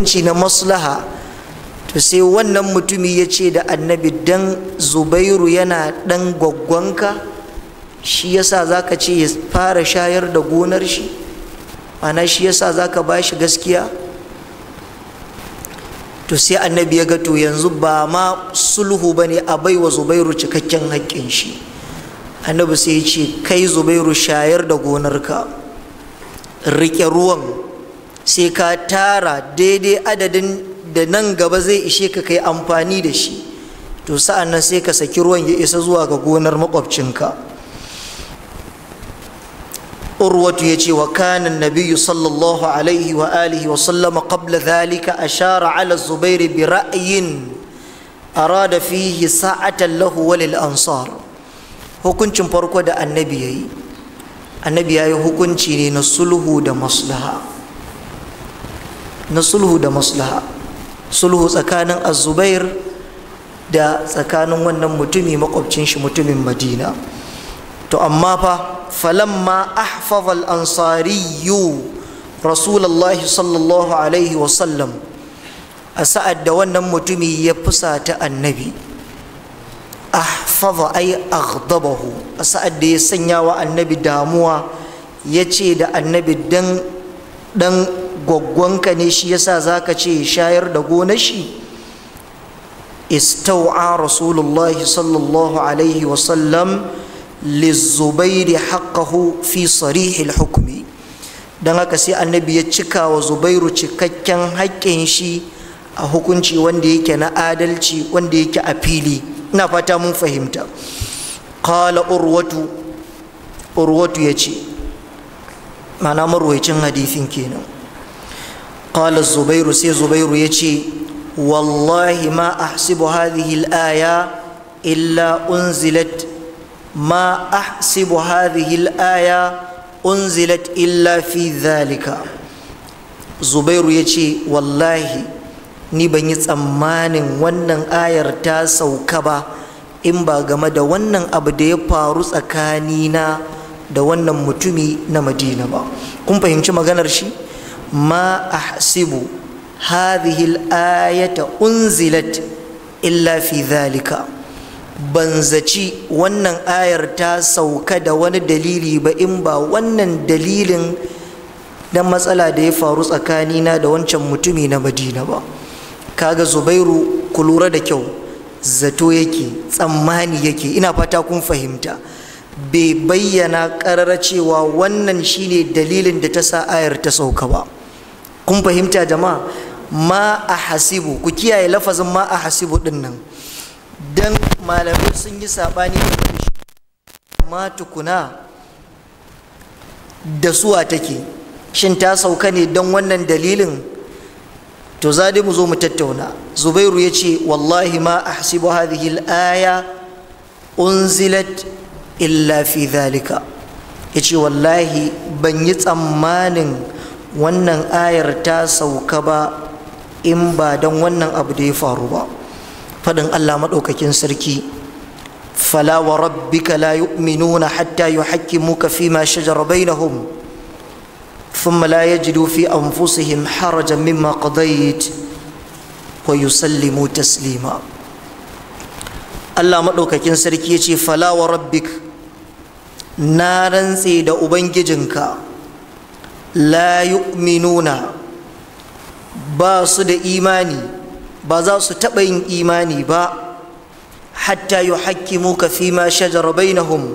mutunci na maslaha to sai wannan mutumi ya ce da annabi dan zubairu yana dan gwaggwanka shi yasa za ka ce ya fara shayar da gonar shi ana shi yasa za ba shi gaskiya to sai annabi ya ga to yanzu ba ma sulhu bane ne a baiwa zubairu cikakken haƙƙin shi annabi sai ya ce kai zubairu shayar da gonar ka rike ruwan sai ka tara daidai adadin da nan gaba zai ishe ka kai amfani da shi to sa'an nan sai ka saki ruwan ya isa zuwa ga gonar makwabcinka urwatu ya ce wa kanan nabiyu sallallahu alaihi wa alihi wa sallama qabla dhalika ashara ala zubairu bi ra'ayin arada fihi sa'atan lahu ansar hukuncin farko da annabi yayi annabi yayi hukunci ne na sulhu da maslaha na sulhu da maslaha sulhu tsakanin azubair da tsakanin wannan mutumi makwabcin shi mutumin madina to amma fa falamma ma al-ansariyu rasulullahi sallallahu alaihi wasallam a sa'ad da wannan mutumi ya fusata annabi ahfaza ay aghdabahu a sa'ad da ya sanya wa annabi damuwa ya ce da annabi dan dan gwaggwanka ne shi yasa zaka ce shayar da gonar shi Istau'a رسول sallallahu alaihi الله عليه وسلم للزبير حقه في صريح dan haka sai annabi ya cika wa zubairu cikakken haƙƙin shi a hukunci wanda yake na adalci wanda yake a fili ina fata mun fahimta qala urwatu urwatu yace ma'ana marwaicin hadisin kenan qala zubairu sai zubairu ya ce wallahi ma ahsibu hadhihi al-aya illa unzilat ma ahsibu hadhihi al-aya unzilat illa fi dhalika zubairu ya ce wallahi ni ban yi tsammanin wannan ayar ta sauka ba in ba game da wannan abu da ya faru tsakanina da wannan mutumi na madina ba kun fahimci maganar shi ma ahsibu hadhihi al-ayata unzilat illa fi dhalika ban zaci wannan ayar ta sauka da wani dalili ba in ba wannan dalilin na matsala da ya faru tsakanina da wancan mutumi na madina ba kaga zubairu kulura da kyau zato yake tsammani yake ina fata kun fahimta bai bayyana ƙarara cewa wannan shine dalilin da ta sa ayar ta sauka ba kun fahimta jama'a ma a hasibu ku kiyaye lafazin ma a hasibu din nan dan malamai sun yi sabani ma tukuna da suwa take shin ta sauka ne don wannan dalilin to za mu zo mu tattauna zubairu ya ce wallahi ma a hasibu hadhihi aya unzilat illa fi dhalika ya ce wallahi ban yi tsammanin wannan ayar ta sauka ba in ba don wannan abu da ya faru ba faɗin allah maɗaukakin sarki fala wa rabbika la yu'minuna hatta yuhakkimuka fi ma shajara bainahum thumma la yajidu fi anfusihim harajan mimma qadayt wa yusallimu taslima allah maɗaukakin sarki ya ce fala wa rabbik na rantse da ubangijinka la yu'minuna ba su da imani ba za su taɓa yin imani ba hatta muka fi ma shajara bainahum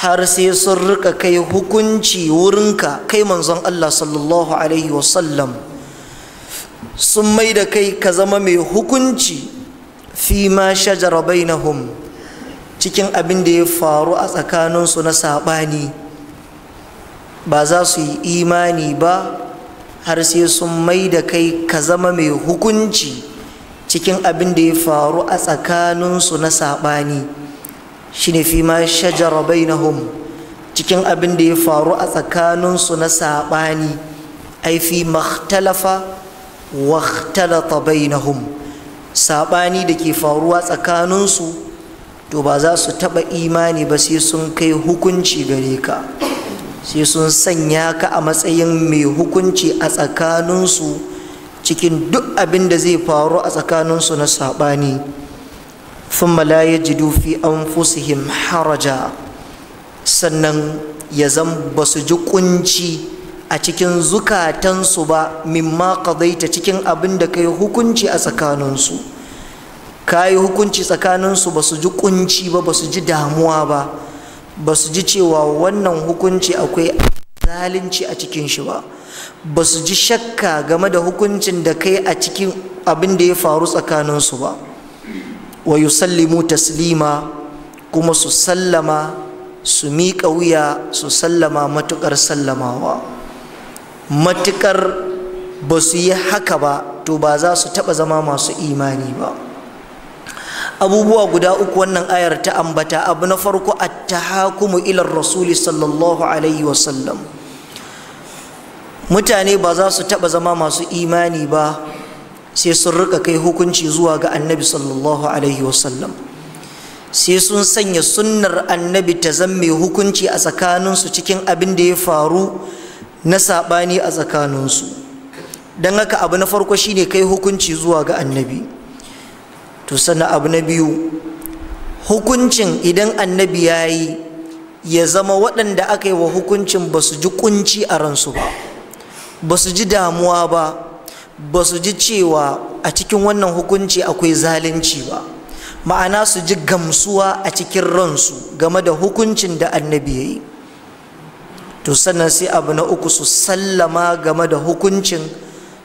har sai sun rika kai hukunci wurinka kai manzon Allah sallallahu alaihi wasallam sun mai da kai ka zama mai hukunci fi ma shajara bainahum cikin abin da ya faru a tsakaninsu na saɓani ba za su yi imani ba har sai sun mai da kai ka zama mai hukunci cikin abin da ya faru a tsakaninsu na saɓani shi ne fi ma shajara bainahum cikin abin da ya faru a tsakaninsu na saɓani ai fi makhtalafa wa khtalata bainahum saɓani da ke faruwa tsakaninsu to ba za su taɓa imani ba sai sun kai hukunci gare ka sai sun sanya ka a matsayin mai hukunci a tsakaninsu cikin duk abin da zai faru a tsakaninsu na saɓani thumma la yajidu fi anfusihim haraja sannan ya zan ba su ji kunci a cikin zukatansu ba mimma qadaita cikin abin da kai hukunci a tsakaninsu ka yi hukunci tsakaninsu ba su ji kunci ba ba su ji damuwa ba ba su ji cewa wannan hukunci akwai zalunci a cikin shi ba ba su ji shakka game da hukuncin da kai a cikin abin da ya faru tsakanin su ba wa yusallimu taslima kuma su sallama su miƙa wuya su sallama matukar sallamawa matuƙar ba su yi haka ba to ba za su taɓa zama masu imani ba abubuwa guda uku wannan ayar ta ambata abu na farko attahakumu ila rasuli sallallahu alaihi wasallam mutane ba za su taɓa zama masu imani ba sai sun rika kai hukunci zuwa ga annabi sallallahu alaihi wasallam sai sun sanya sunnar annabi ta zamme hukunci a tsakaninsu cikin abin da ya faru na saɓani a tsakaninsu don haka abu na farko shine kai hukunci zuwa ga annabi to sannan abu na biyu hukuncin idan annabi ya yi ya zama waɗanda aka yi wa hukuncin ba su ji kunci a ransu ba ba su ji damuwa ba ba su ji cewa a cikin wannan hukunci akwai zalunci ba ma'ana su ji gamsuwa a cikin ransu game da hukuncin da annabi ya yi to sannan sai abu na uku su sallama game da hukuncin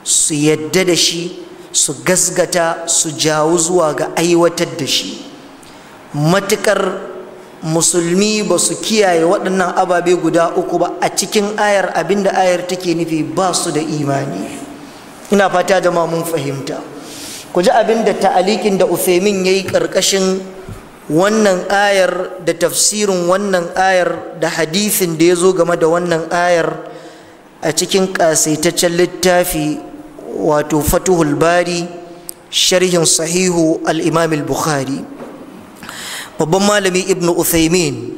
su yadda da shi su gasgata su jawo zuwa ga aiwatar da shi Matukar musulmi ba su kiyaye waɗannan ababe guda uku ba a cikin ayar abinda ayar take nufi ba su da imani ina fata da ma mun fahimta ku ji abinda ta'alikin da ufemin ya yi ƙarƙashin wannan ayar da tafsirin wannan ayar da hadithin da ya zo game da wannan ayar a cikin ƙasaitaccen littafi wato fatuhul bari sharhin sahihu al-imam al-bukhari babban malami ibn uthaymin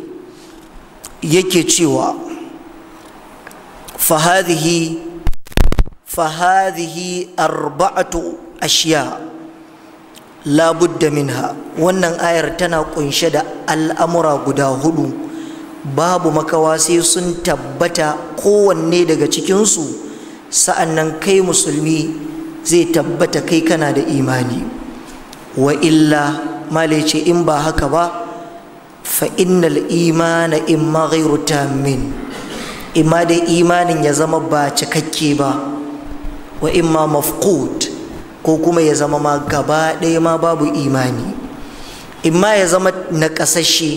yake cewa fahadihi fahadihi arba'atu ashiya labudda minha wannan ayar tana kunshe da al'amura guda hudu babu makawa sai sun tabbata kowanne daga cikinsu sa'annan kai musulmi zai tabbata kai kana da imani wa illa male ce in ba haka ba fa innal imana imma ghairu tammin imma dai imanin ya zama ba cikakke ba wa imma mafqud ko kuma ya zama ma gaba ɗaya ma babu imani imma ya zama na naƙasashe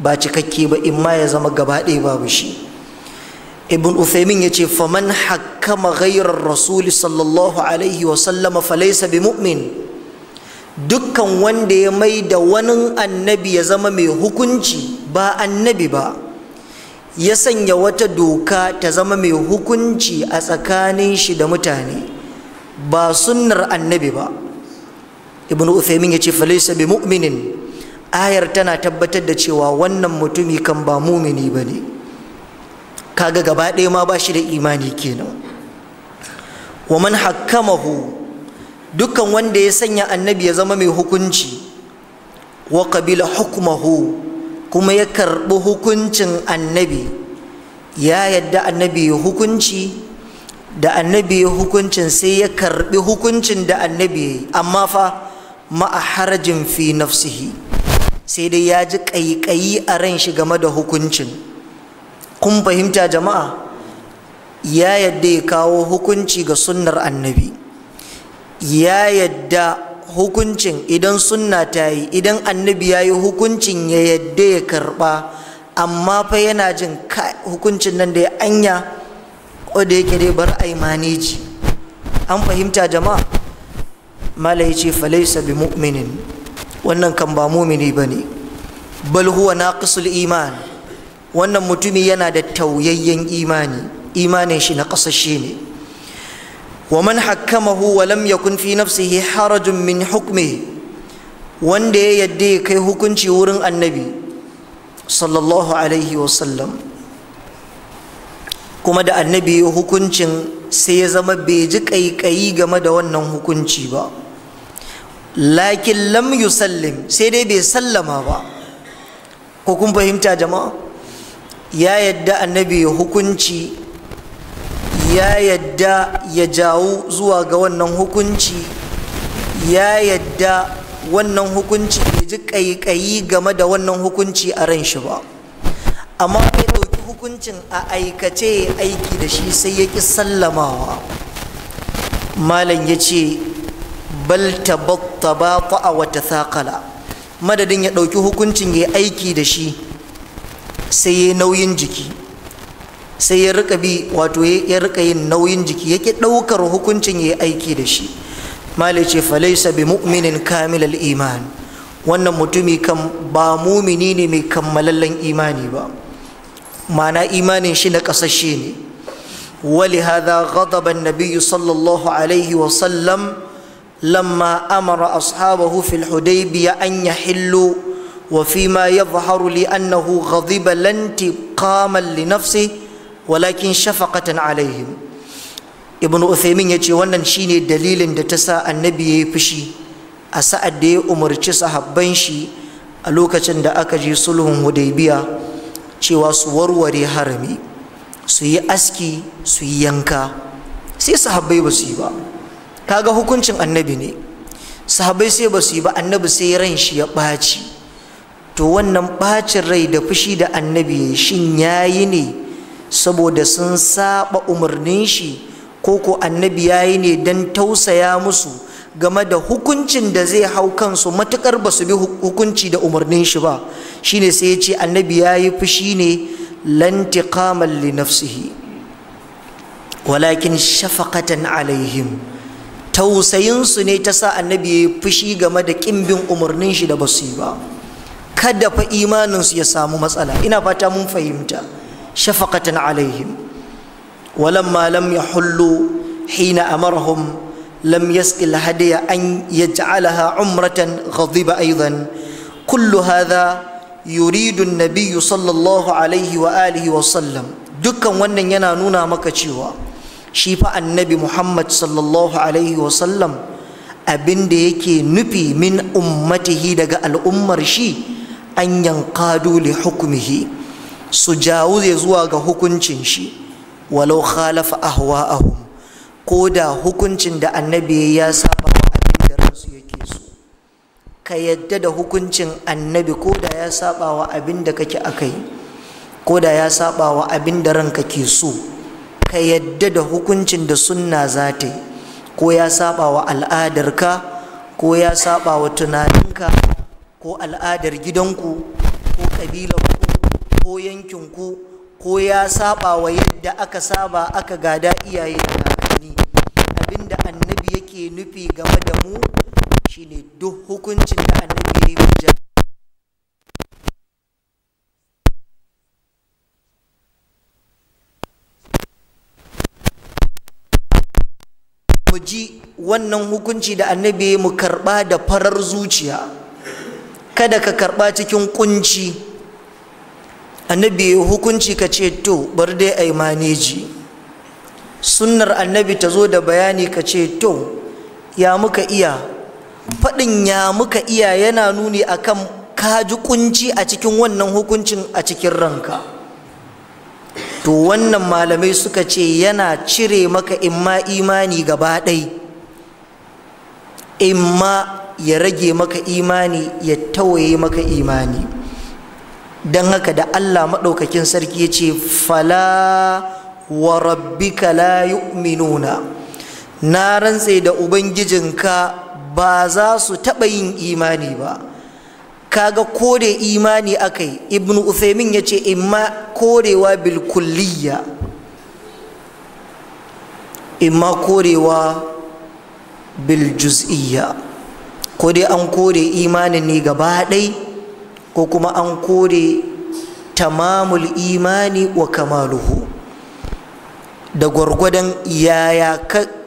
ba cikakke ba imma ya zama gaba ɗaya babu shi ibn uthaymin ya ce faman hakama ghairar rasuli sallallahu alaihi wasallama falaisa bi mu'min dukkan wanda ya mai da wani annabi ya zama mai hukunci ba annabi ba ya sanya wata doka ta zama mai hukunci a tsakanin shi da mutane ba sunnar annabi ba ibn uthaymin ya ce falaisa bi mu'minin ayar tana tabbatar da cewa wannan mutumi kan ba mumini ba ne kaga gaba ɗaya ma ba shi da imani kenan wa man hakkamahu dukkan wanda ya sanya annabi ya zama mai hukunci wa qabila hukmahu kuma ya karɓi hukuncin annabi ya yadda annabi ya hukunci da annabi ya hukuncin sai ya karɓi hukuncin da annabi ya amma fa a harajin fi nafsihi sai dai ya ji ƙaiƙayi a ran shi game da hukuncin kun fahimta jama'a ya yadda ya kawo hukunci ga sunnar annabi ya yadda hukuncin idan sunna ta yi idan annabi ya yi hukuncin ya yadda ya karba amma fa yana jin hukuncin nan da ya anya ko da yake dai bar a yi maneji an fahimta jama'a mala ya ce falaisa bi mu'minin wannan kan ba mumini ba ne bal huwa naqisul iman wannan mutumi yana da tauyayyen imani imanin shi na ƙasashe ne wa man hakkamahu wa lam yakun fi nafsihi harajun min hukmi wanda ya yadda ya kai hukunci wurin annabi sallallahu alaihi wa sallam. kuma da annabi ya hukuncin sai ya zama bai ji ƙaiƙayi game da wannan hukunci ba lakin lam yusallim sai dai bai sallama ba ko kun fahimta jama'a ya yadda annabi ya hukunci ya yadda ya jawo zuwa ga wannan hukunci ya yadda wannan hukunci ya ji ƙaiƙayi game da wannan hukunci a ran shi ba amma ya ɗauki hukuncin a aikace aiki da shi sai ya ƙi sallamawa malam ya ce bal tabatta ba a wata sakala madadin ya ɗauki hukuncin ya aiki da shi sai ya nauyin jiki sai ya rika bi wato ya rika yin nauyin jiki yake ɗaukar hukuncin ya aiki da shi mali falaisa bi mu'minin kamilal iman wannan mutumi kan ba mumini ne mai kammalallen imani ba Ma'ana imanin shi na kasashe ne ولهذا غضب النبي صلى الله عليه وسلم لما أمر أصحابه في الحديبية أن يحلوا وفيما يظهر لأنه غضب لا linafsi لنفسه ولكن شفقة عليهم ابن ya ce wannan shine dalilin da ta sa annabi yayi fushi a sa'ad da ya umarci sahabban shi a lokacin da aka je sulhun hudaybiya cewa su warware harami su yi aski su yi yanka sai sahabbai ba su yi ba kaga hukuncin annabi ne sahabai sai ba yi ba annabi sai ran shi ya ɓaci to wannan bacin rai da fushi da annabi shin ya yi ne saboda sun saba umarnin shi ko ko annabi ya yi ne don tausaya musu game da hukuncin da zai hau kansu matukar ba su bi hukunci da umarnin shi ba shine sai ya ce annabi ya yi fushi ne lantiqaman li nafsihi walakin shafaqatan alaihim tausayinsu ne ta sa annabi ya yi fushi game da ƙimbin umarnin shi da basu yi ba kada fa imaninsu ya samu matsala ina fata mun fahimta shafaqatan alaihim walamma lam yahullu hina amarhum lam yasqi alhadiya an yaj'alaha umratan ghadiba aidan kullu hadha yuridu an-nabiy sallallahu alaihi wa alihi wa sallam dukkan wannan yana nuna maka cewa shi fa annabi Muhammad sallallahu alaihi wa sallam abin yake nufi min ummatihi daga al'ummar shi an yankadu li hukumihi su jawuze zuwa ga hukuncin shi walau khalafa ahwa'ahum ko da hukuncin da annabi ya saba wa abin da ransu yake so ka yadda da hukuncin annabi ko da ya saba wa abin da kake akai ko da ya saba wa abin da ranka ke so ka yadda da hukuncin da sunna za ta yi ko ya saba wa al'adarka ko ya saba wa tunaninka ko al'adar gidanku ko ƙabilanku ko yankinku ko ya saba wa yadda aka saba aka gada iyaye da kakanni abinda annabi yake nufi game da mu shine duk hukuncin da annabi ya yi mu ji wannan hukunci da annabi mu karɓa da farar zuciya kada ka karɓa cikin kunci annabi ya hukunci ka ce to bar dai a maneji sunnar annabi ta zo da bayani ka ce to ya muka iya faɗin ya muka iya yana nuni akan ka ji kunci a cikin wannan hukuncin a cikin ranka to wannan malamai suka ce yana cire maka imma imani gaba ɗai imma ya rage maka imani ya tawaye maka imani don haka da Allah maɗaukakin sarki ya ce fala wa rabbika la yu'minuna na rantse da ubangijin ka ba za su taɓa yin imani ba kaga kore imani akai ibnu uthaymin ya ce imma korewa bilkulliya imma korewa biljuz'iyya ko dai an kore imanin ne gaba ɗai ko kuma an kore tamamul imani wa kamaluhu da gwargwadon yaya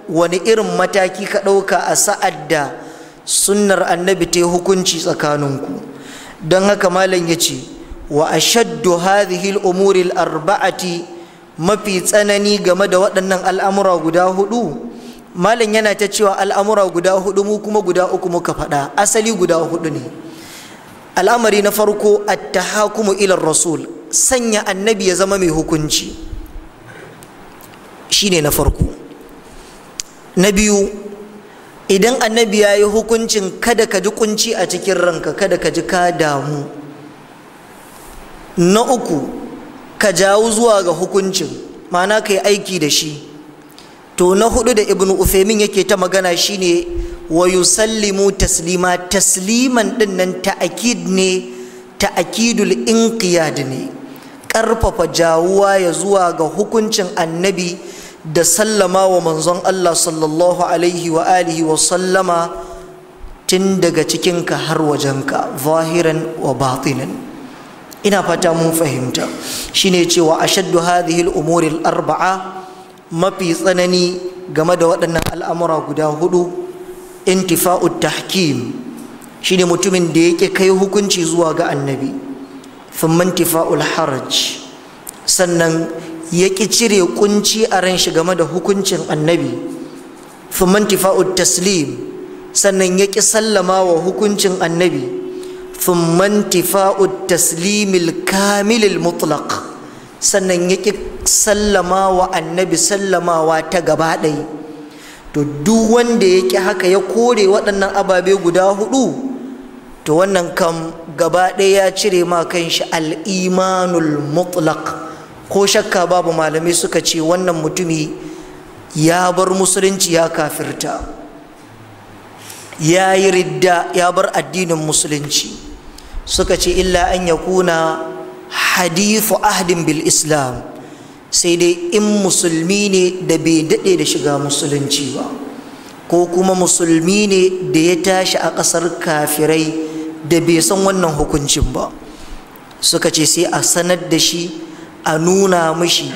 wani irin mataki ka ɗauka a sa'ad da sunnar annabi ta yi hukunci tsakaninku don haka malam ya ce wa ashaddu hadhihi al-umuri arbaati mafi tsanani game da waɗannan al'amura guda hudu malam yana ta cewa al'amura guda hudu mu kuma guda uku muka faɗa asali guda hudu ne al'amari na farko attahakumu ila rasul sanya annabi ya zama mai hukunci shine na farko na biyu idan annabi ya yi hukuncin kada ka ji kunci a cikin ranka kada ka ji ka damu na uku ka jawo zuwa ga hukuncin ma'ana ka yi aiki da shi to na hudu da ibnu ufemin yake ta magana shine wa yusallimu taslima tasliman din nan ta'akid ne ta'akidul inqiyad ne karfafa jawuwa ya zuwa ga hukuncin annabi da sallama wa manzon Allah sallallahu alaihi wa alihi wa sallama tun daga cikinka har wajenka zahiran wa batinan ina fata mun fahimta shine cewa ashaddu hadhihi al-umuri al-arba'a mafi tsanani game da waɗannan al'amura guda hudu intifa'ut tahkim shine mutumin da yake kai hukunci zuwa ga annabi thumma intifa'ul haraj sannan ƙi cire kunci a ran shi game da hukuncin annabi thumma intifa'ut taslim sannan yaki sallama wa hukuncin annabi thumma intifa'ut taslimil kamilil mutlaq sannan ya ƙi sallama annabi sallamawa ta gaba ɗai to duk wanda ya ƙi haka ya kore waɗannan ababe guda hudu to wannan kam gaba ɗaya ya cire ma kanshi al'imanul mutlaq ko shakka babu malamai suka ce wannan mutumi ya bar musulunci ya kafirta ya yi ridda ya bar addinin musulunci suka ce illa an ya kuna hadithu ahdin bil islam sai dai in musulmi ne da bai daɗe da shiga musulunci ba ko kuma musulmi ne da ya tashi a ƙasar kafirai da bai san wannan hukuncin ba suka ce sai a sanar da shi a nuna mishi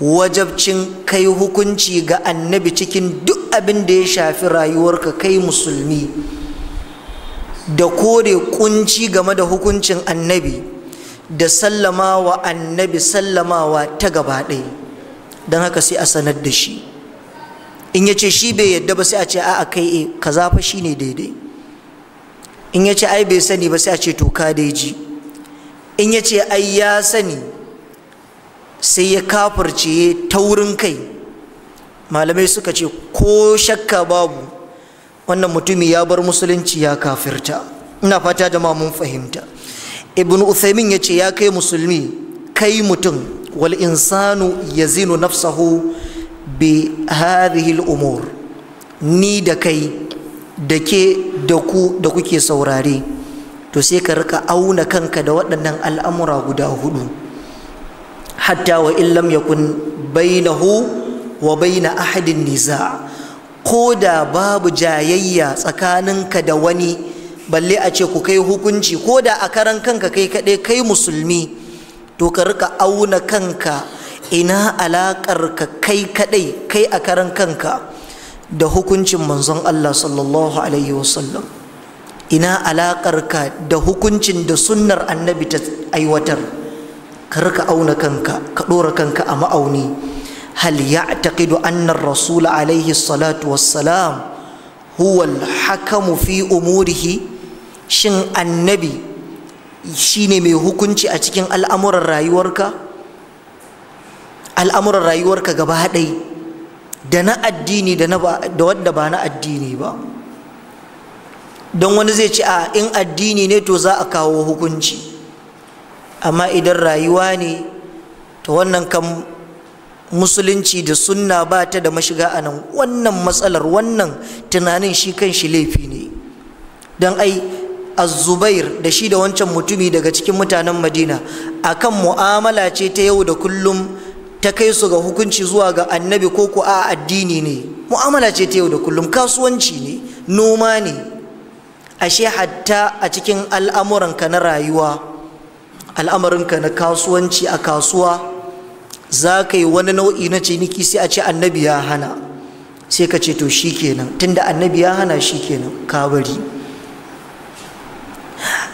wajabcin kai hukunci ga annabi cikin duk abin da ya shafi rayuwarka kai musulmi da kore kunci game da hukuncin annabi da sallamawa annabi sallamawa ta gaba ɗaya don haka sai a sanar da shi in ya ce shi bai yadda ba sai a ce a'a kai eh, ka zafa shi ne daidai in ya ce ai bai sani ba sai a ce to ka dai ji in ya ce ai ya sani sai ya kafirce wurin kai malamai suka ce ko shakka babu wannan mutumi ya bar musulunci ya kafirta ina fata da ma mun fahimta ibn uthaymin ya ce ya kai musulmi kai mutum wal insanu yazinu nafsahu bi hadhihi umur ni da kai da ke da ku da kuke saurare to sai ka rika auna kanka da waɗannan al'amura guda hudu hatta wa illam yakun bainahu wa baina ahadin niza ko da babu jayayya tsakaninka da wani balle a ce ku kai hukunci ko da a karan kanka kai kaɗai kai musulmi to ka rika auna kanka ina alaƙar ka kai kaɗai kai a karan kanka da hukuncin manzon Allah sallallahu alaihi wasallam ina alaƙar ka da hukuncin da sunnar annabi ta aiwatar ka rika auna kanka ka ɗora kanka a ma'auni هل يعتقد أن الرسول عليه الصلاة والسلام هو الحكم في أموره؟ shin annabi shine mai hukunci a cikin al'amuran rayuwarka al'amuran rayuwarka gaba ɗai da na addini da wadda ba na addini ba don wani zai ci a in addini ne to za a kawo hukunci amma idan rayuwa ne ta wannan kan musulunci da sunna ba ta da mashiga a nan wannan matsalar wannan tunanin shi kan shi laifi ne don ai az-zubair da shi da wancan mutumi daga cikin mutanen madina akan mu'amala ce ta yau da kullum ta kai su ga hukunci zuwa ga annabi ko ku a addini ne mu'amala ce ta yau da kullum kasuwanci ne noma ne ashe hatta a cikin al'amuranka na rayuwa al'amarinka na kasuwanci a kasuwa za ka yi wani nau'i na ciniki sai a ce annabi ya hana sai ka ce to shikenan tunda annabi ya hana shikenan ka bari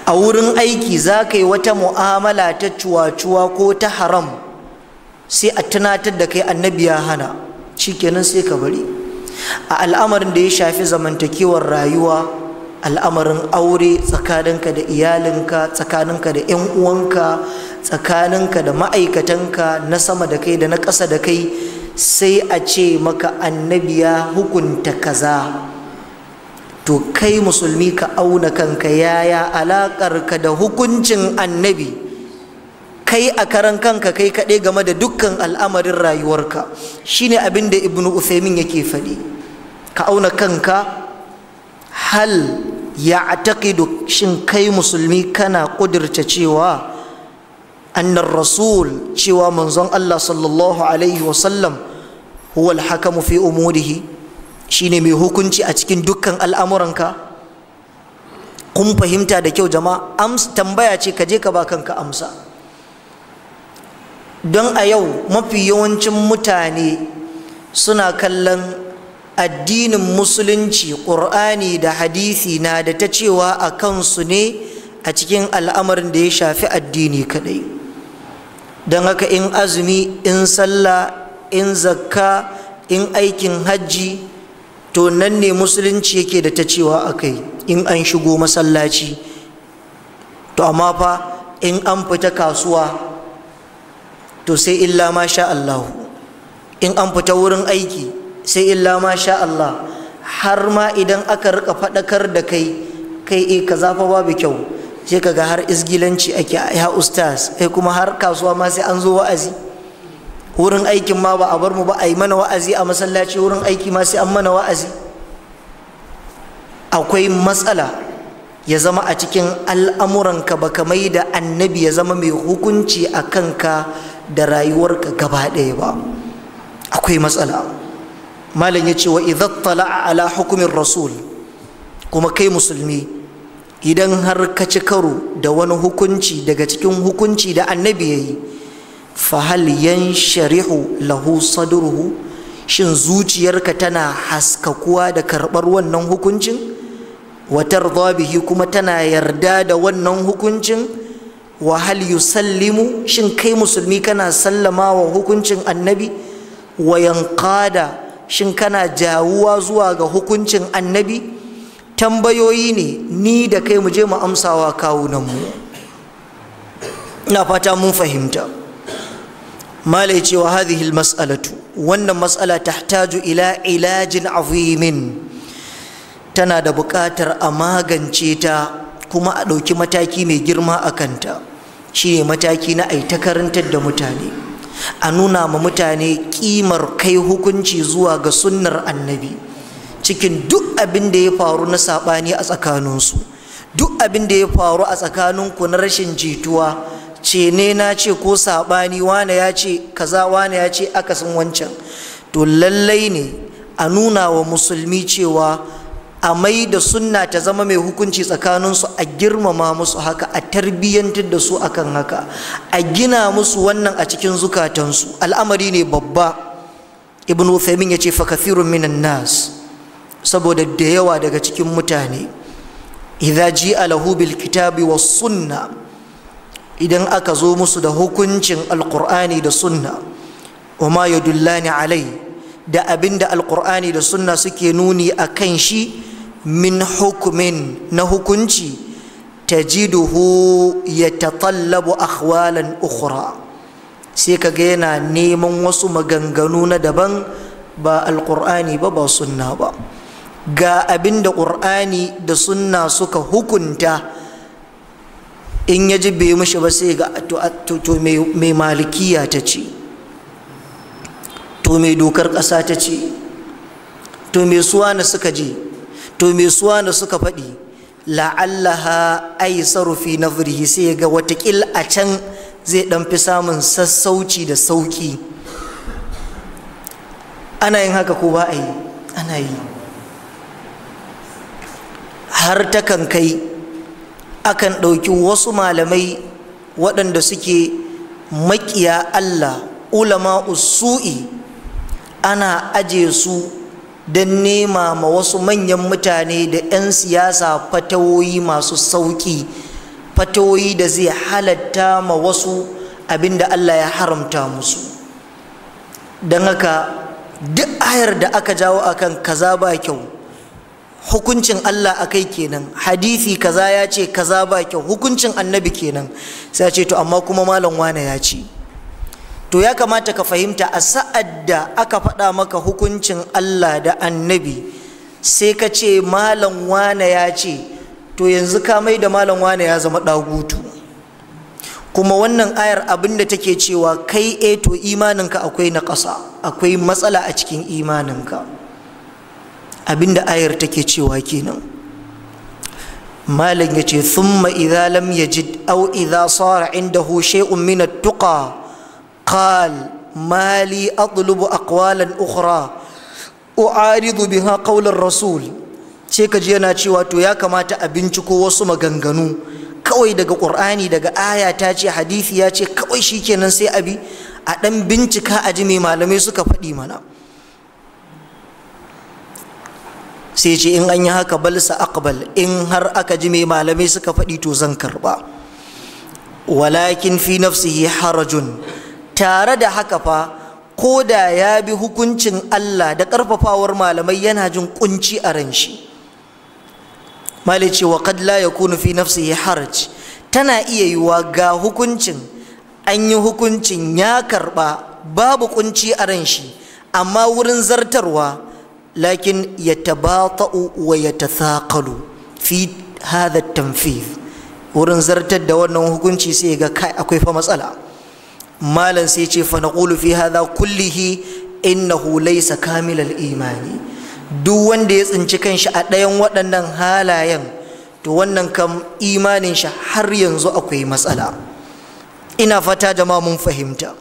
a wurin aiki za ka yi wata mu'amala ta cuwa-cuwa ko ta haram sai a tunatar da kai annabi ya hana shikenan sai ka bari a al'amarin da ya shafi zamantakewar rayuwa al'amarin aure tsakaninka da iyalinka tsakaninka da 'yan uwanka tsakaninka da ma'aikatanka na sama da kai da na ƙasa da kai sai a ce maka annabi ya hukunta kaza to kai musulmi ka auna kanka yaya alaƙarka da hukuncin annabi kai a karan kanka kai kaɗai game da dukkan al'amarin rayuwarka shine abin da ibnu uthaymin yake faɗi ka auna kanka hal ya ataƙidu shin kai musulmi kana ƙudurta cewa annar rasul cewa manzon allah sallallahu alaihi wasallam huwa alhakamu fi umurihi shine mai hukunci a cikin dukkan al'amuranka kun fahimta da kyau jama'a Amsa tambaya ce ka je ka ba kanka amsa don a yau mafi yawancin mutane suna kallon addinin musulunci ƙur'ani da hadisi na da ta cewa a kansu ne a cikin al'amarin da ya shafi addini kadai don haka in azumi in sallah in zakka in aikin hajji to nan ne musulunci yake da ta cewa akai in an shigo masallaci to amma fa in an fita kasuwa to sai illa ma sha Allah in an fita wurin aiki sai illa ma sha Allah har ma idan aka rika faɗakar da kai kai e eh, kaza fa babu kyau sai kaga har izgilanci ake ya ustaz kai kuma har kasuwa ma sai an zo wa'azi wurin aikin ma ba a bar mu ba a yi mana wa'azi a masallaci wurin aiki ma sai an mana wa'azi akwai matsala ya zama a cikin al'amuranka ba ka mai da annabi ya zama mai hukunci a kanka da rayuwarka gaba ɗaya ba akwai matsala malam ya ce wa idattala ala hukumin rasul kuma kai musulmi idan har ka ci karo da wani hukunci daga cikin hukunci da annabi ya yi fahal yan shari'u lahu saduruhu shin zuciyarka tana haskakuwa da karɓar wannan hukuncin watar zabihi kuma tana yarda da wannan hukuncin wa hal yusallimu shin kai musulmi kana sallama wa hukuncin annabi wa yanqada shin kana jawuwa zuwa ga hukuncin annabi tambayoyi ne ni da kai mu je mu amsawa kawunanmu ina fata mun fahimta mala ya ce wa hadhihi almas'alatu wannan mas'ala tahtaju ila ilajin azimin tana da buƙatar a magance ta kuma a ɗauki mataki mai girma a kanta shi ne mataki na ai takarantar karantar da mutane a nuna ma mutane ƙimar kai hukunci zuwa ga sunnar annabi cikin duk abin da ya faru na saɓani a tsakaninsu duk abin da ya faru a tsakaninku na rashin jituwa ce ne na ce ko saɓani wane ya ce kaza wane ya ce akasin wancan to lallai ne a nuna wa musulmi cewa a mai da sunna ta zama mai hukunci tsakaninsu a girmama musu haka a tarbiyyantar da su akan haka a gina musu wannan a cikin zukatansu al'amari ne babba ibn uthaymin ya ce fa kathirun minan nas saboda da yawa daga cikin mutane idza ji lahu bil kitabi was sunnah idan aka zo musu da hukuncin alkur'ani da sunna wa ma yadullani alai da abinda alkur'ani da sunna suke nuni a kan shi min hukumin na hukunci tajiduhu yatatallabu akhwalan ukhra sai ka ga yana neman wasu maganganu na daban ba alkur'ani ba ba sunna ba ga abin da ƙur'ani da sunna suka hukunta in ya ji bai mushi ba sai ga to mai malikiya ta ce to mai dokar ƙasa ta ce to mai suwana suka je to mai suwana suka faɗi la'allaha sarufi na nazrihi sai ga watakil a can zai ɗan fi samun sassauci da sauƙi ana yin haka ko ba a yi ana yi har takan kai akan ɗauki wasu malamai waɗanda suke maƙiya Allah ulama usu'i ana aje su don nema ma wasu manyan mutane da 'yan siyasa fatawoyi masu sauƙi fatawoyi da zai halatta ma wasu abinda Allah ya haramta musu don haka duk ayar da aka jawo akan kaza ba kyau hukuncin Allah a kai kenan hadisi kaza ya ce kaza ba kyau hukuncin annabi kenan sai ce to amma kuma malam wane ya ce to ya kamata ka fahimta a sa'ad da aka faɗa maka hukuncin Allah da annabi sai ka ce malam wane ya ce to yanzu ka mai da malam wane ya zama ɗagutu kuma wannan ayar abin da take cewa kai e to imaninka akwai na ƙasa akwai matsala a cikin imaninka abinda ayar take cewa kenan malam yace thumma idza lam yajid aw idza sara indahu shay'un min at-tuqa qal mali atlubu aqwalan ukhra u'aridu biha ar rasul ce ka ji yana cewa to ya kamata a binciko wasu maganganu kawai daga qur'ani daga aya ta ce hadisi ya ce kawai shikenan sai abi a dan bincika a ji me malamai suka faɗi mana sai ce in an yi haka bal sa aqbal in har aka ji mai malamai suka faɗi to zan karɓa. walakin fi nafsihi harajun tare da haka fa ko da ya bi hukuncin Allah da ƙarfafawar malamai yana jin kunci a ran shi ce wa qad la yakunu fi nafsihi haraj tana iya yiwa ga hukuncin an yi hukuncin ya karɓa babu kunci a ran shi amma wurin zartarwa lakin yatabata'u wa yatathaqalu fi hadha at-tanfidh wurin zartar da wannan hukunci sai ga kai akwai fa matsala malam sai ce fa naqulu fi hadha kullihi innahu laysa kamilal imani duk wanda ya tsinci kanshi a ɗayan waɗannan halayen to wannan kam imanin shi har yanzu akwai matsala ina fata jama'a mun fahimta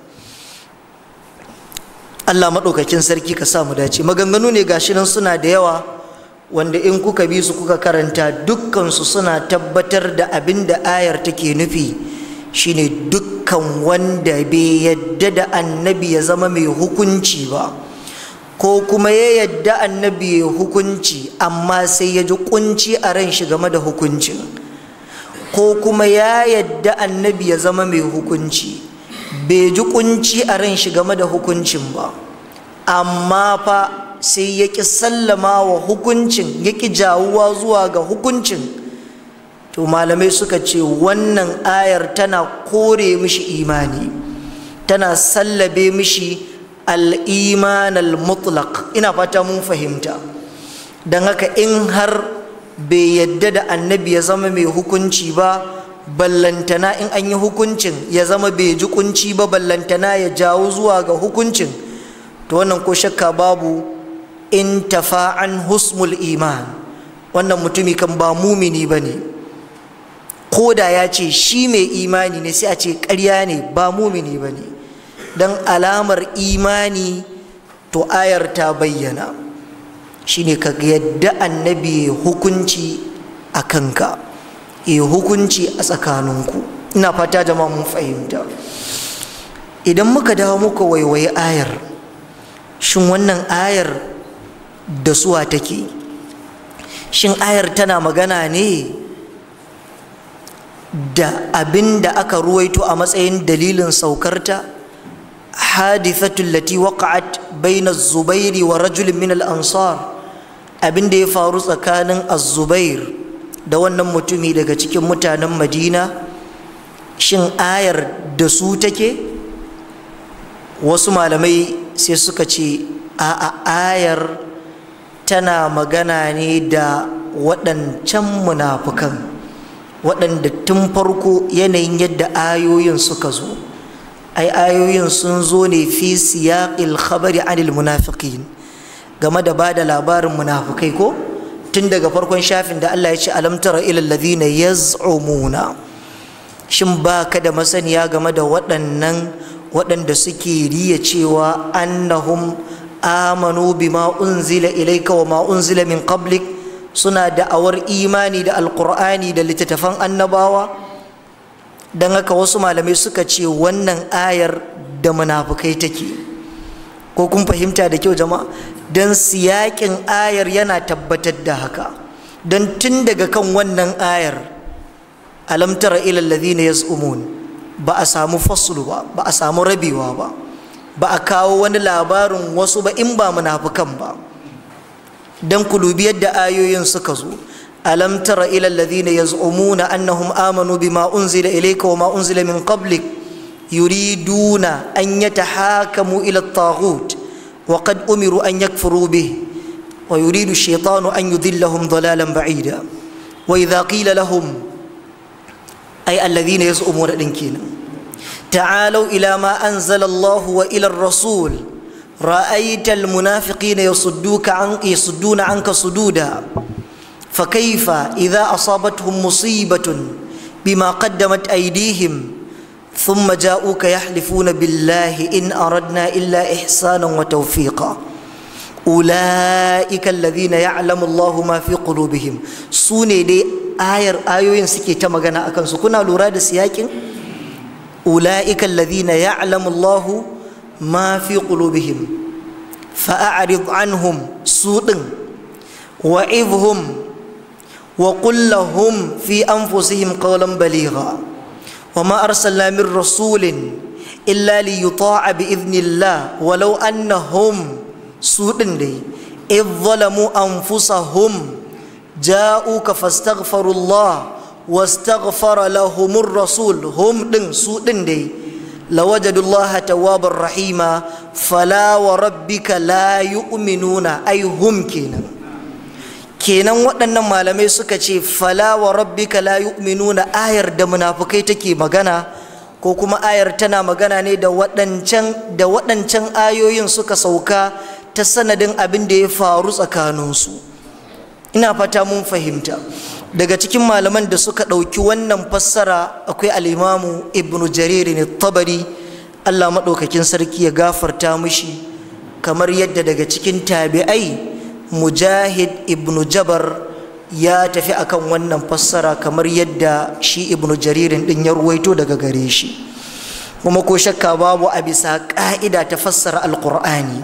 Allah maɗaukakin sarki ka sa mu dace maganganu ne gashi nan suna da yawa wanda in kuka bi su kuka karanta dukkansu suna tabbatar da abin da ayar take nufi shine dukkan wanda bai yadda da annabi ya zama mai hukunci ba ko kuma ya yadda annabi ya hukunci amma sai ya ji kunci a ran shi game da hukuncin ko kuma ya yadda annabi ya zama mai hukunci bai ji kunci a ran shi game da hukuncin ba amma fa sai ya ƙi sallama wa hukuncin ya ƙi jawuwa zuwa ga hukuncin to malamai suka ce wannan ayar tana kore mishi imani tana sallabe mishi al'iman al-mutlaq ina fata mun fahimta don haka in har bai yadda da annabi ya zama mai hukunci ba ballantana in an yi hukuncin ya zama bai ji kunci ba ballantana ya jawo zuwa ga hukuncin to wannan ko shakka babu in tafa'an husmul iman wannan mutumi kan ba mumini ba ne ko da ya ce shi mai imani ne sai a ce karya ne ba mumini ba ne don alamar imani to ayar ta bayyana Shi ne ka yadda annabi hukunci a kanka yi hukunci a tsakaninku ina fata jama mun fahimta idan muka dawo muka waiwayi ayar shin wannan ayar da suwa take shin ayar tana magana ne da abin da aka ruwaito a matsayin dalilin saukarta hadithatul lati waqa'at bayna az-zubairi wa rajulin min al-ansar abin da ya faru tsakanin az-zubair da wannan mutumi daga cikin mutanen madina shin ayar da su take wasu malamai sai suka ce a ayar tana magana ne da waɗancan munafukan waɗanda tun farko yanayin yadda ayoyin suka zo ai ayoyin sun zo ne fi siyaƙil khabari anil munafiqin game da ba da labarin munafukai ko tun daga farkon shafin da Allah ya ce alam tara ila yaz'umuna shin baka da masaniya game da waɗannan waɗanda suke riya cewa annahum amanu bima unzila ilayka wa ma unzila min qablik suna da awar imani da alqur'ani da littattafan annabawa dan haka wasu malamai suka ce wannan ayar da munafukai take ko kun fahimta da kyau jama'a don siyakin ayar yana tabbatar da haka don tun daga kan wannan ayar alamtara ilallazina yaz'umun ba a samu faslu ba ba a samu rabewa ba ba a kawo wani labarin wasu ba in ba munafukan ba don kulubi yadda ayoyin suka zo alam tara ila alladhina yaz'umuna annahum amanu bima unzila ilayka ma unzila min qablik yuriduna an yatahakamu ila at-taghut وقد أمروا أن يكفروا به ويريد الشيطان أن يذلهم ضلالا بعيدا وإذا قيل لهم أي الذين يزعمون الإنكين تعالوا إلى ما أنزل الله وإلى الرسول رأيت المنافقين يصدوك عن يصدون عنك صدودا فكيف إذا أصابتهم مصيبة بما قدمت أيديهم ثم جاءوك يحلفون بالله إن أردنا إلا إحسانا وتوفيقا أولئك الذين يعلم الله ما في قلوبهم سوني دي آير آيوين سكي تمغانا أكن سكونا لوراد سياكين أولئك الذين يعلم الله ما في قلوبهم فأعرض عنهم سوء وعظهم وقل لهم في أنفسهم قولا بليغا وما أرسلنا من رسول إلا ليطاع بإذن الله ولو أنهم سودن إذ ظلموا أنفسهم جاءوك فاستغفروا الله واستغفر لهم الرسول هم دن سودن لوجدوا الله توابا رحيما فلا وربك لا يؤمنون أي هم كينا kenan waɗannan malamai suka ce falawa Rabbi rabbika la yu'minuna ayar da munafukai take magana ko kuma ayar tana magana ne da waɗancan da waɗancan ayoyin suka sauka ta sanadin abin da ya faru tsakaninsu ina fata mun fahimta daga cikin malaman da suka ɗauki wannan fassara akwai al'imamu ibn jarir ne tabari allah maɗaukakin sarki ya gafarta mushi kamar yadda daga cikin tabi'ai mujahid ibnu jabar ya tafi akan wannan fassara kamar yadda shi ibnu jaririn din ya ruwaito daga gare shi kuma ko shakka babu a bisa ka'ida ta fassara alqur'ani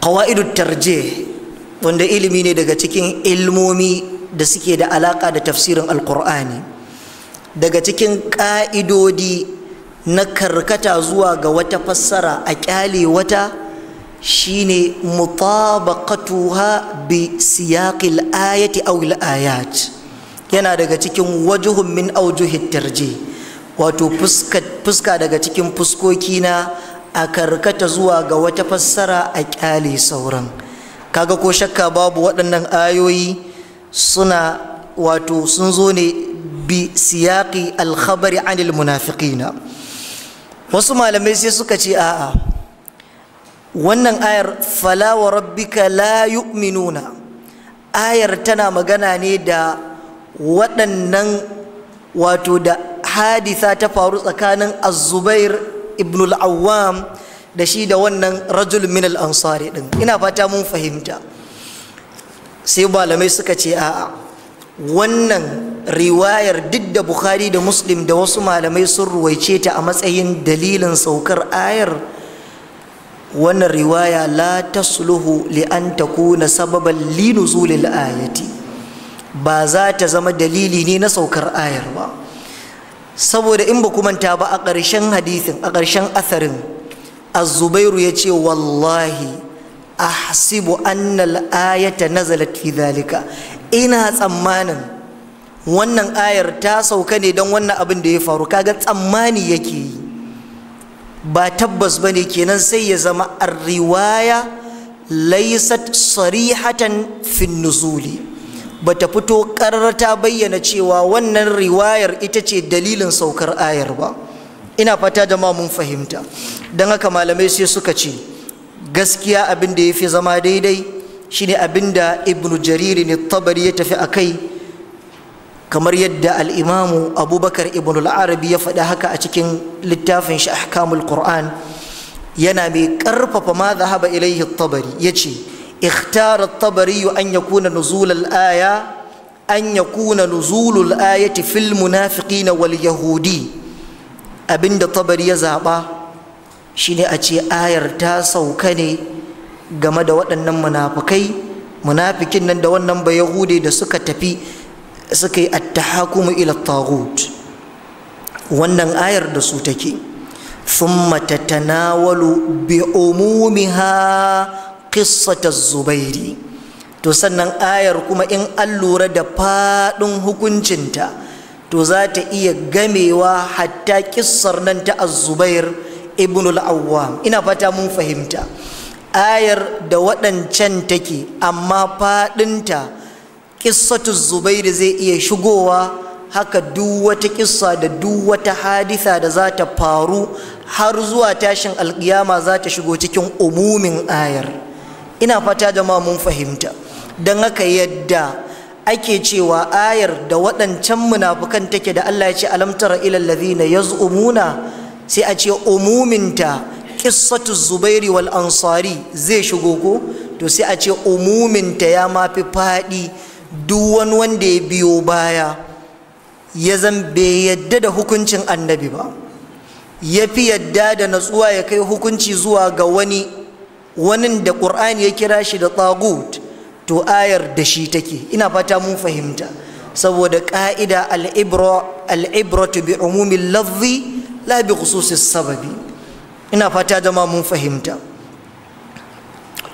qawaidu tarjih wanda ilimi ne daga cikin ilmomi da suke da alaka da tafsirin alqur'ani daga cikin ka'idodi na karkata zuwa ga wata fassara a kyale wata shine mutabaqatuha bi siyaqil ayati aw al ayat yana daga cikin wajuhun min awjuhit tarji wato fuska daga cikin fuskoki na a karkata zuwa ga wata fassara a kyale sauran kaga ko shakka babu waɗannan ayoyi suna wato sun zo ne bi siyaqi alkhabari anil munafiqina wasu malamai sai suka ce a'a wannan ayar fala wa rabbika la yu'minuna ayar tana magana ne da waɗannan wato da hadisa ta faru tsakanin azubair ibn al-awwam da shi da wannan rajul min al'ansari ansari ina fata mun fahimta sai malamai suka ce a'a wannan riwayar duk da bukhari da muslim da wasu malamai sun ruwaice ta a matsayin dalilin saukar ayar wannan riwaya la tasluhu li an takuna sababan li nuzulil ayati ba za ta zama dalili ne na saukar ayar ba saboda in ba ku manta ba a ƙarshen hadisin a ƙarshen atharin az-zubairu ya ce wallahi ahsibu al ayata nazalat fi zalika ina tsammanin wannan ayar ta sauka ne don wannan abin da ya faru kaga tsammani yake yi ba tabbas bane kenan sai ya zama ar-riwaya laysat sarihatan fi nuzuli bata fito karrata ta bayyana cewa wannan riwayar ita ce dalilin saukar ayar ba ina fata da ma mun fahimta Dan haka malamai sai suka ce gaskiya abin da ya zama daidai shine abin da ibnu ne, tabari ya tafi akai kai kamar yadda al'imamu abubakar ibn al'arabi ya faɗi haka a cikin littafin shi ahkamul qur'an yana mai ƙarfafa ma zahaba ilaihi tabari ya ce ikhtara tabari an yakuna nuzul al'aya an kuna nuzul al'ayati fil munafiqina wal yahudi abinda tabari ya zaɓa shine a ce ayar ta sauka ne game da waɗannan munafikai munafikin nan da wannan yahudi da suka tafi suka yi attahakumu ila taghut wannan ayar da su take thumma tatanawalu bi umumiha az zubairi to sannan ayar kuma in an lura da faɗin hukuncinta to za ta iya gamewa hatta kissar nan ta azubair ibn al-awwam ina fata mun fahimta ayar da waɗancan take amma faɗinta ƙissatu zubairu zai iya shigowa haka duk wata ƙissa da duk wata haditha da zata ta faru har zuwa tashin alƙiyama zata ta shigo cikin umumin ayar ina fata jama'a mun fahimta don haka yadda ake cewa ayar da waɗancan munafukan take da Allah ya ce alam tara ilal ladhina yaz'umuna sai a ce umuminta qissatu zubairi wal ansari zai shigo ko to sai a ce umuminta ya mafi faɗi duk wani wanda ya biyo baya ya zan bai yadda da hukuncin annabi ba ya fi yadda da natsuwa ya kai hukunci zuwa ga wani wanin da ƙur'ani ya kira shi da tsagut to ayar da shi take ina fata mun fahimta saboda ƙa'ida al'ibratu bi umumin lafzi la bi khususis sababi ina fata jama mun fahimta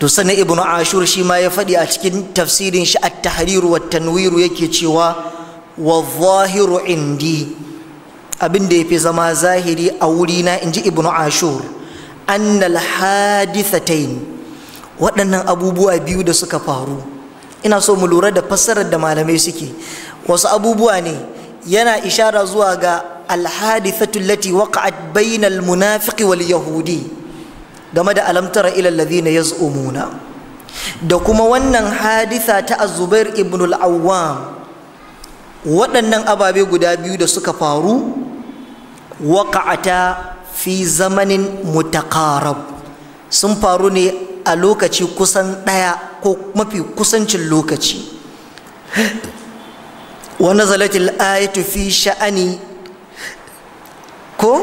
to sanin ibnu ashur shi ma ya faɗi a cikin tafsirin shi at tahriru wa tanwiru yake cewa wa zahiru indi abin da yafi zama zahiri a wuri na inji ibnu ashur annal hadithatain waɗannan abubuwa biyu da suka faru ina so mu lura da fassarar da malamai suke wasu abubuwa ne yana ishara zuwa ga hadithatu allati waqa'at bainal munafiqi wal yahudi game da alamtara ilal yaz'umuna da kuma wannan haditha ta azubair ibn al-awwam waɗannan ababe guda biyu da suka faru waƙa'ata fi zamanin mutakarab sun faru ne a lokaci kusan ɗaya ko mafi kusancin lokaci wani zalatil ayatu fi sha'ani ko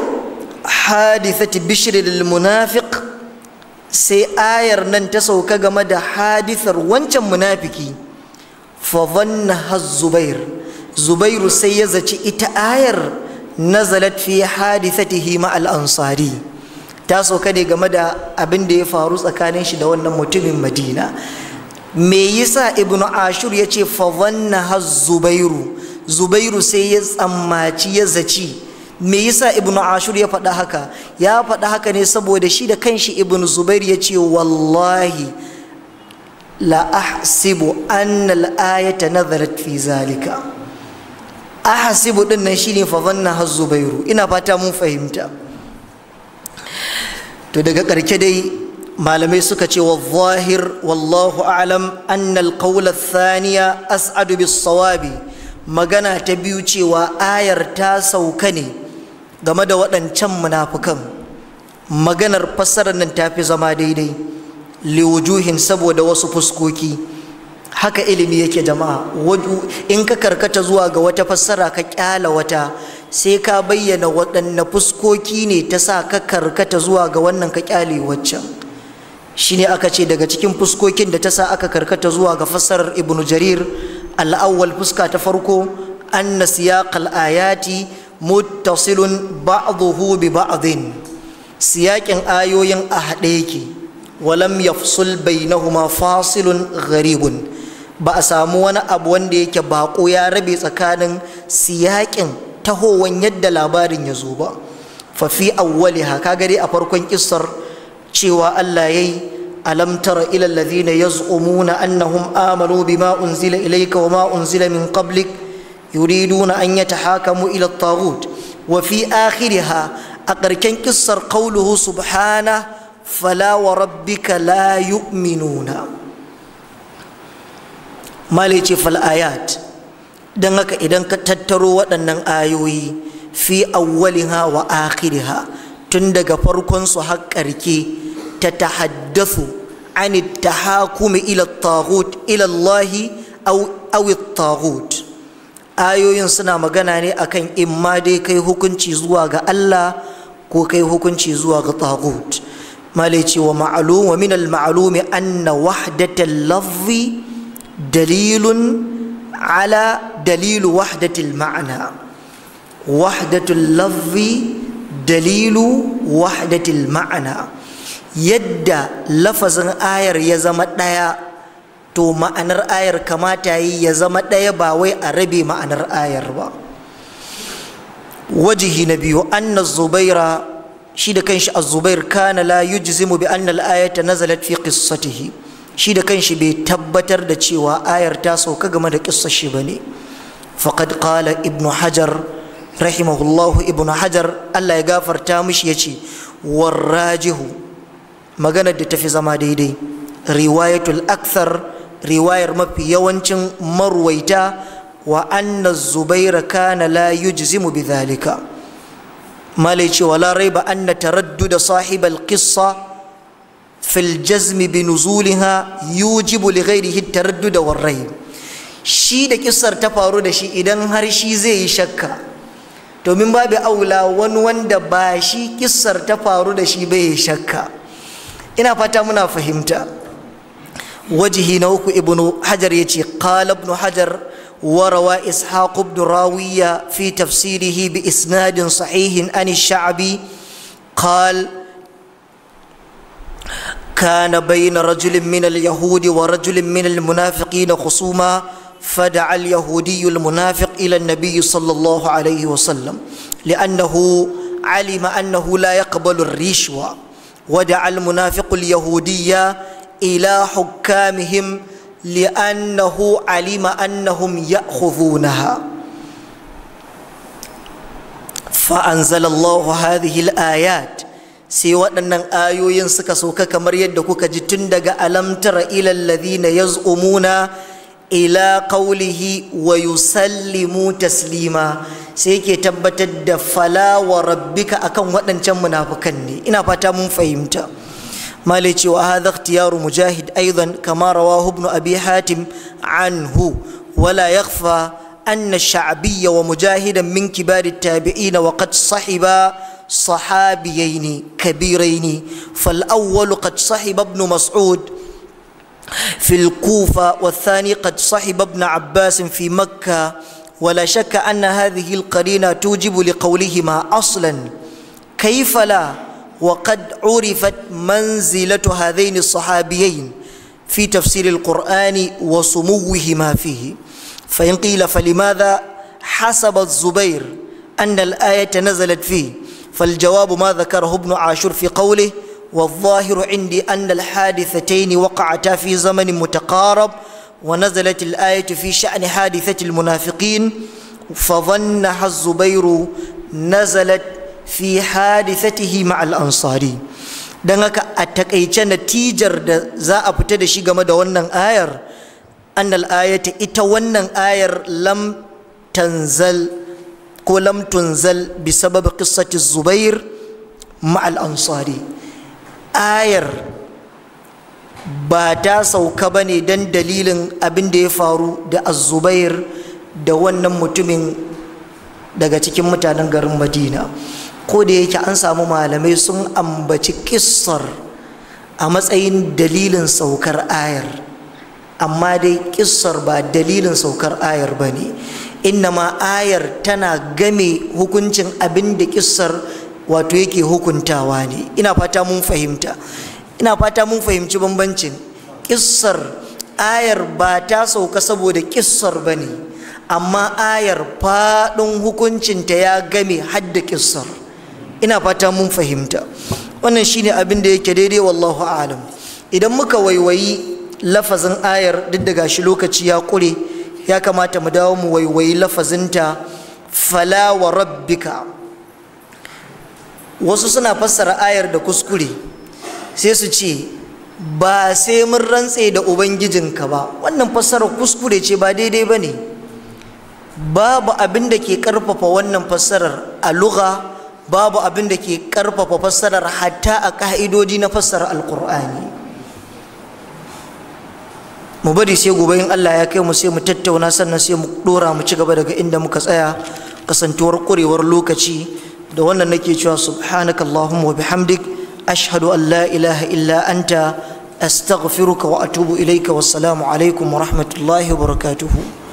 hadithati bishirin munafiq sai ayar nan ta sauka game da hadithar wancan munafiki fa dhanna zubair zubairu sai ya zaci ita ayar nazalat fi hadithatihi ma al-ansari ta sauka ne game da abin da ya faru tsakanin shi da wannan mutumin madina me yasa ibnu ashur ya ce fa zubairu zubairu sai ya tsammaci ya zaci me yasa ibnu ashur ya faɗa haka ya faɗa haka ne saboda shi da kanshi ibnu zubair ya ce wallahi la ahsibu anna al-ayata nazarat fi zalika ahsibu din nan shine fa zanna Zubairu ina fata mun fahimta to daga karke dai malamai suka ce wa zahir wallahu a'lam anna al-qawl al thaniya as'adu bis-sawabi magana ta biyu cewa ayar ta sauka ne game da waɗancan munafukan maganar fassarar nan ta fi zama daidai liwujuhin saboda wasu fuskoki haka ilimi yake jama'a in ka karkata zuwa ga wata fassara ka kyala wata sai ka bayyana waɗanne fuskoki ne ta sa ka karkata zuwa ga wannan ka kyale waccan ne aka ce daga cikin fuskokin da ta sa aka karkata zuwa ga fassarar ibnu jarir al'awwal fuska ta farko na siyaqal ayati muttasilun ba'dhuhu bi ba'dhin siyakin ayoyin a haɗe yake walam yafsul bainahuma fasilun gharibun ba a samu wani abu wanda yake baƙo ya rabe tsakanin siyakin tahowan yadda labarin ya zo ba fafi awwaliha kaga dai a farkon kissar cewa Allah yayi ألم تر إلى الذين يزعمون أنهم آمنوا unzila أنزل wa ma unzila min قبلك yuriduna an yatahakamu ila at-taghut wa fi akhiriha a ƙarken kissar qauluhu subhana fala wa rabbika la yu'minuna malice fal ayat dan haka idan ka tattaro waɗannan ayoyi fi awwaliha wa akhiriha tun daga farkon su har ƙarke ta tahaddathu an at-tahakumi ila at-taghut ila Allah aw at-taghut ayoyin suna magana ne akan in ma dai kai hukunci zuwa ga Allah ko kai hukunci zuwa ga tagut malai wa ma'alum wa min al-ma'lumi anna al lafzi dalilun ala dalilu wahdatil ma'na al lafzi dalilu wahdatil ma'na yadda lafazin ayar ya zama ɗaya to ma'anar ayar kamata yi ya zama ɗaya ba wai a rabe ma'anar ayar ba wajihi na biyu anna zubaira shi da kanshi az-zubair kana la yujzimu bi anna al-ayata nazalat fi qissatihi shi da kanshi bai tabbatar da cewa ayar ta sauka game da kissar shi bane faqad qala ibnu hajar rahimahullahu ibnu hajar allah ya gafarta mishi ya ce warrajihu maganar da tafi zama daidai riwayatul akthar riwayar mafi yawancin marwaita wa anna zubaira kana la yujzimu bidhalika malai cewa la raiba anna taraddud sahib al-qissa fi al-jazm bi nuzuliha yujibu li ghayrihi taraddud wa raib shi da kissar ta faru da shi idan har shi zai yi shakka domin babu aula wani wanda ba shi kissar ta faru da shi bai shakka ina fata muna fahimta وجهي نوك ابن حجر يجي قال ابن حجر وروى إسحاق بن راوية في تفسيره بإسناد صحيح عن الشعبي قال كان بين رجل من اليهود ورجل من المنافقين خصوما فدعا اليهودي المنافق إلى النبي صلى الله عليه وسلم لأنه علم أنه لا يقبل الرشوة ودعا المنافق اليهودي ila hukamihim li'annahu alima annahum ya'khudhunaha fa anzalallahu hadhihi ayat sai waɗannan ayoyin suka sauka kamar yadda kuka ji tun daga alamtar ilal ladhina yaz'umuna ila qawlihi wa yusallimu taslima sai yake tabbatar da fala wa rabbika akan waɗancan munafukan ne ina fata mun fahimta مالك وهذا اختيار مجاهد أيضا كما رواه ابن أبي حاتم عنه ولا يخفى أن الشعبي ومجاهدا من كبار التابعين وقد صحبا صحابيين كبيرين فالأول قد صحب ابن مسعود في الكوفة والثاني قد صحب ابن عباس في مكة ولا شك أن هذه القرينة توجب لقولهما أصلا كيف لا؟ وقد عرفت منزلة هذين الصحابيين في تفسير القرآن وسموهما فيه فإن قيل فلماذا حسب الزبير أن الآية نزلت فيه فالجواب ما ذكره ابن عاشور في قوله والظاهر عندي أن الحادثتين وقعتا في زمن متقارب ونزلت الآية في شأن حادثة المنافقين فظنها الزبير نزلت fi hadithatihi ma'al ansari dan haka a takaice natijar da za a fita da shi game da wannan ayar annal ayata ita wannan ayar lam tanzal ko lam tunzal bi sabab qissati zubair ma'al ansari ayar ba ta sauka ba ne don dalilin abin da ya faru da azubair da wannan mutumin daga cikin mutanen garin madina ko da yake an samu malamai sun ambaci kissar a matsayin dalilin saukar ayar amma dai kissar ba dalilin saukar ayar ba ne ma ayar tana game hukuncin abin da kissar wato yake hukuntawa ne ina fata mun fahimta ina fata mun fahimci bambancin kissar ayar ba ta sauka saboda kissar ba ne amma ayar faɗin hukuncinta ya game hadda kissar ina fata mun fahimta wannan shine abin da yake daidai wallahu alam idan muka waiwayi lafazin ayar duk da gashi lokaci ya kure ya kamata mu dawo mu waiwayi lafazinta fala wa rabbika wasu suna fassara ayar da kuskure sai su ce ba sai mun rantse da ubangijinka ba wannan fassarar kuskure ce ba daidai ba ne babu abin da ke karfafa wannan fassarar a lugha babu abin da ke karfafa fassarar hatta a ka'idodi na fassara alkur'ani mu bari sai gobe in Allah ya kai mu sai mu tattauna sannan sai mu dora mu ci gaba daga inda muka tsaya kasantuwar kurewar lokaci da wannan nake cewa subhanaka allahumma wa bihamdik ashhadu an la ilaha illa anta astaghfiruka wa atubu ilaika wassalamu alaikum wa rahmatullahi wa barakatuhu